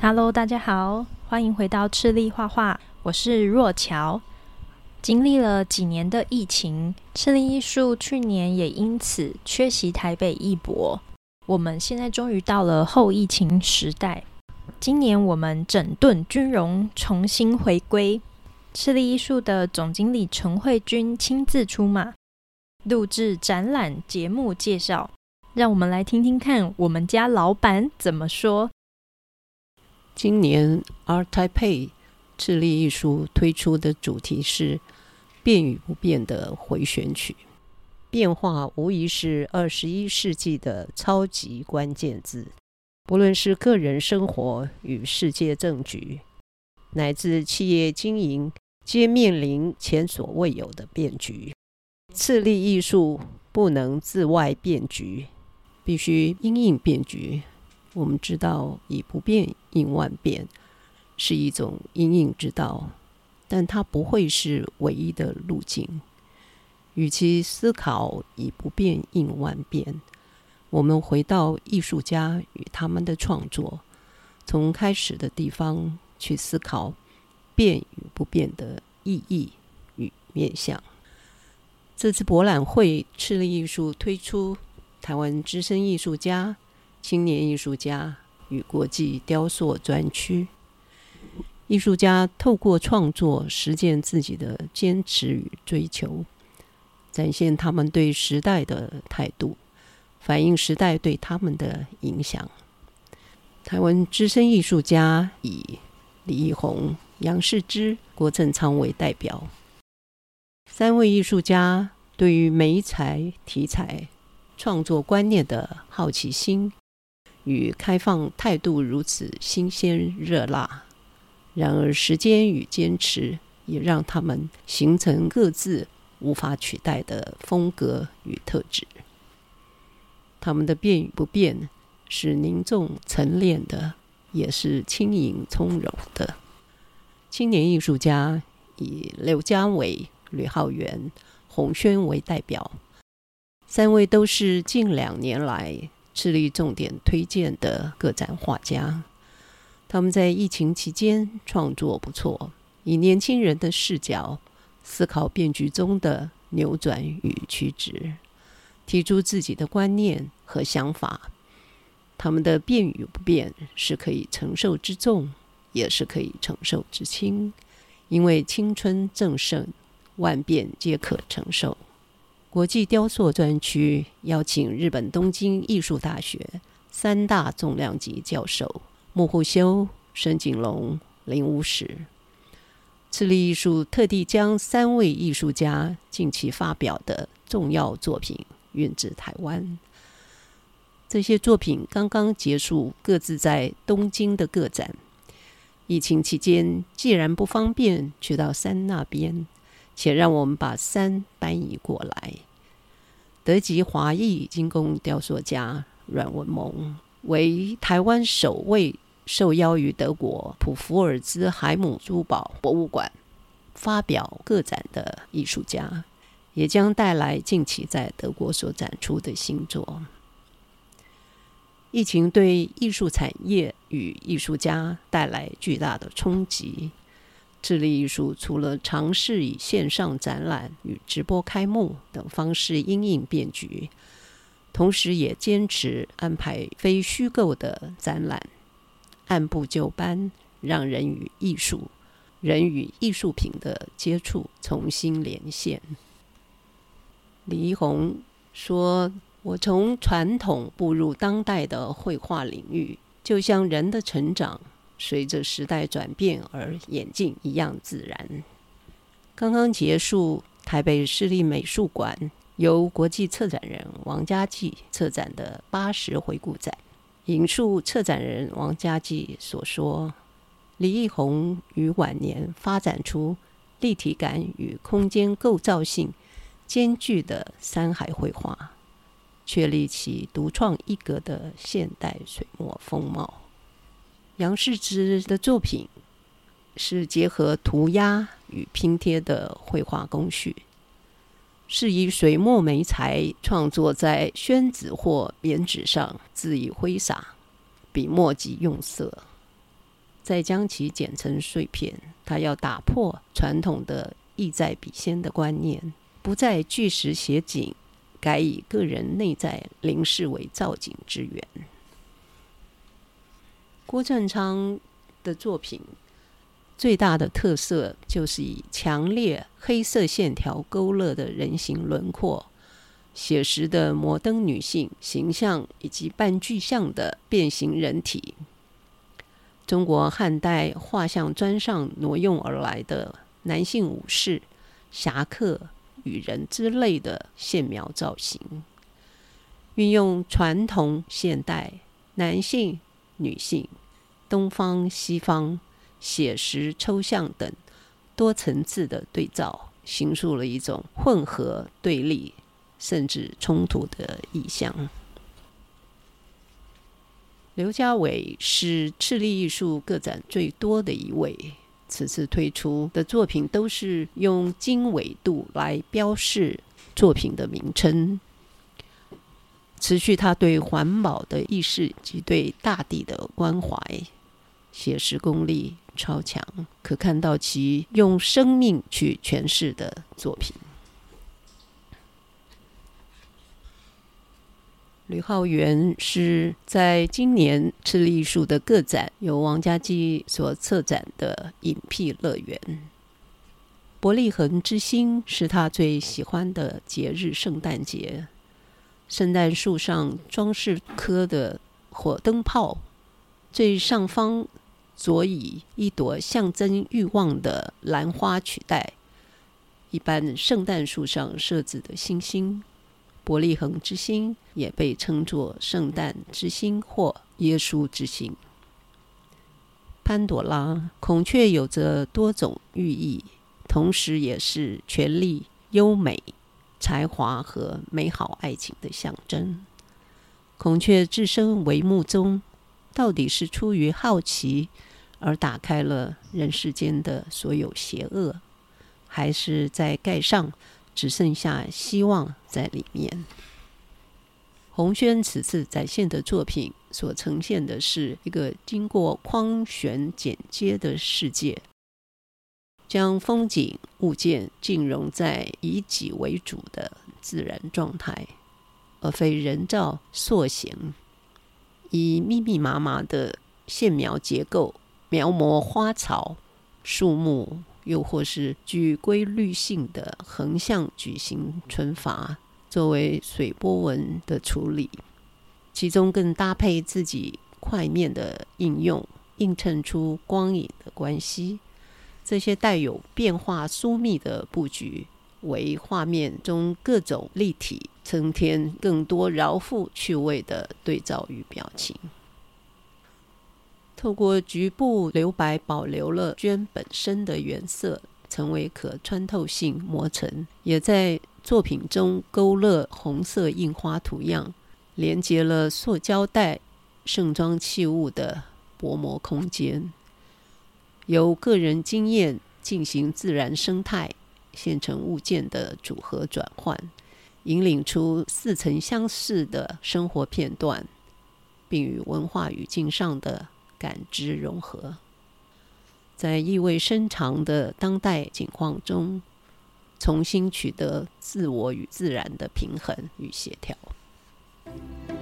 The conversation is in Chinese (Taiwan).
哈嘍，Hello, 大家好，歡迎回到赤粒話畫，我是若喬。經歷了幾年的疫情，赤粒藝術去年也因此缺席台北藝博。我們現在終於到了後疫情時代，今年我們整頓軍容，重新回歸。赤粒藝術的總經理陳慧君親自出馬，錄制展覽節目介紹，讓我們來聽聽看我們家老板怎麼說。今年 Art Taipei 赤粒藝術推出的主題是“變與不變的回旋曲”。變化無疑是二十一世紀的超級關鍵字，不論是個人生活與世界政局，乃至企業經營，皆面臨前所未有的變局。赤粒藝術不能自外變局，必須因應變局。我們知道，以不變應萬變是一種因應之道，但它不會是唯一的路徑。與其思考以不變應萬變，我們回到藝術家與他們的創作，從開始的地方去思考變與不變的意義與面向。這次博覽會赤粒藝術推出台灣資深藝術家。青年藝術家與國際雕塑專區，藝術家透過創作實踐自己的堅持與追求，展現他們對時代的態度，反映時代對他們的影響。台灣資深藝術家以李義弘、楊世芝、郭振昌為代表，三位藝術家對於媒材、題材、創作觀念的好奇心。與開放態度如此新鮮熱辣，然而時間與堅持也讓他們形成各自無法取代的風格與特質。他們的變與不變，是凝重沉練的，也是輕盈從容的。青年藝術家以劉嘉偉、呂浩元、洪軒為代表，三位都是近兩年來。致力重點推薦的各展畫家，他們在疫情期間創作不錯，以年輕人的視角思考變局中的扭轉與曲折，提出自己的觀念和想法。他們的變與不變是可以承受之重，也是可以承受之輕，因為青春正盛，萬變皆可承受。國際雕塑專區邀請日本東京藝術大學三大重量級教授木戶修、深井隆、林武史。赤粒藝術特地將三位藝術家近期發表的重要作品運至台灣。這些作品剛剛結束各自在東京的個展。疫情期間，既然不方便去到山那邊，且讓我們把山搬移過來。德籍華裔金工雕塑家阮文盟為台灣首位受邀於德國普福爾茲海姆珠寶博物館發表個展的藝術家，也將帶來近期在德國所展出的新作。疫情對藝術產業與藝術家帶來巨大的衝擊。赤粒藝術除了嘗試以線上展覽與直播開幕等方式因應變局，同時也堅持安排非虛構的展覽，按部就班，讓人與藝術、人與藝術品的接觸重新連線。黎紅說：“我從傳統步入當代的繪畫領域，就像人的成長。”隨着時代轉變而演進，一樣自然。剛剛結束，台北市立美術館由國際策展人王嘉驥策展的八十回顧展。引述策展人王嘉驥所說：“李義弘於晚年發展出立體感與空間構造性兼具的山海繪畫，確立其獨創一格的現代水墨風貌。”楊世芝的作品是結合塗鴉與拼貼的繪畫工序，是以水墨媒材創作在宣紙或棉紙上恣意揮灑，筆墨及用色，再將其剪成碎片。他要打破傳統的意在筆先的觀念，不再據實寫景，改以個人內在靈視為造景之源。郭振昌的作品最大的特色就是以強烈黑色線條勾勒的人形輪廓、寫實的摩登女性形象以及半具象的變形人體。中國漢代畫像磚上挪用而來的男性武士、俠客、與人之類的線描造型，運用傳統現代男性、女性。東方、西方、寫實、抽象等多層次的對照，形塑了一種混合、對立甚至衝突的意象。劉家偉是赤粒藝術個展最多的一位，此次推出的作品都是用經緯度來標示作品的名稱，持續他對環保的意識及對大地的關懷。寫實功力超強，可看到其用生命去詮釋的作品。呂浩元是在今年赤粒藝術的個展，由王嘉驥所策展的《隱僻樂園》。伯利恆之星是他最喜歡的節日——聖誕節。聖誕樹上裝飾顆的火燈泡，最上方。所以，一朵象徵慾望的蘭花取代一般聖誕樹上設置的星星。伯利恆之星也被稱作聖誕之星或耶穌之星。潘多拉孔雀有着多種寓意，同時也是權力、優美、才華和美好愛情的象徵。孔雀置身帷幕中，到底是出於好奇？而打開了人世間的所有邪惡，還是在蓋上，只剩下希望在裡面。紅軒此次展現的作品所呈現的是一個經過框選剪接的世界，將風景物件浸融在以己為主的自然狀態，而非人造塑形，以密密麻麻的線描結構。描摹花草、樹木，又或是具規律性的橫向矩形皴法作為水波紋的處理，其中更搭配自己塊面的應用，映襯出光影的關係。這些帶有變化疏密的布局，為畫面中各種立體增添更多饒富趣味的對照與表情。透過局部留白，保留了絹本身的原色，成為可穿透性膜層；也在作品中勾勒紅色印花圖樣，連接了塑膠袋盛裝器物的薄膜空間。由個人經驗進行自然生態現成物件的組合轉換，引領出似曾相識的生活片段，並與文化語境上的感知融合，在意味深長的當代景況中，重新取得自我與自然的平衡與協調。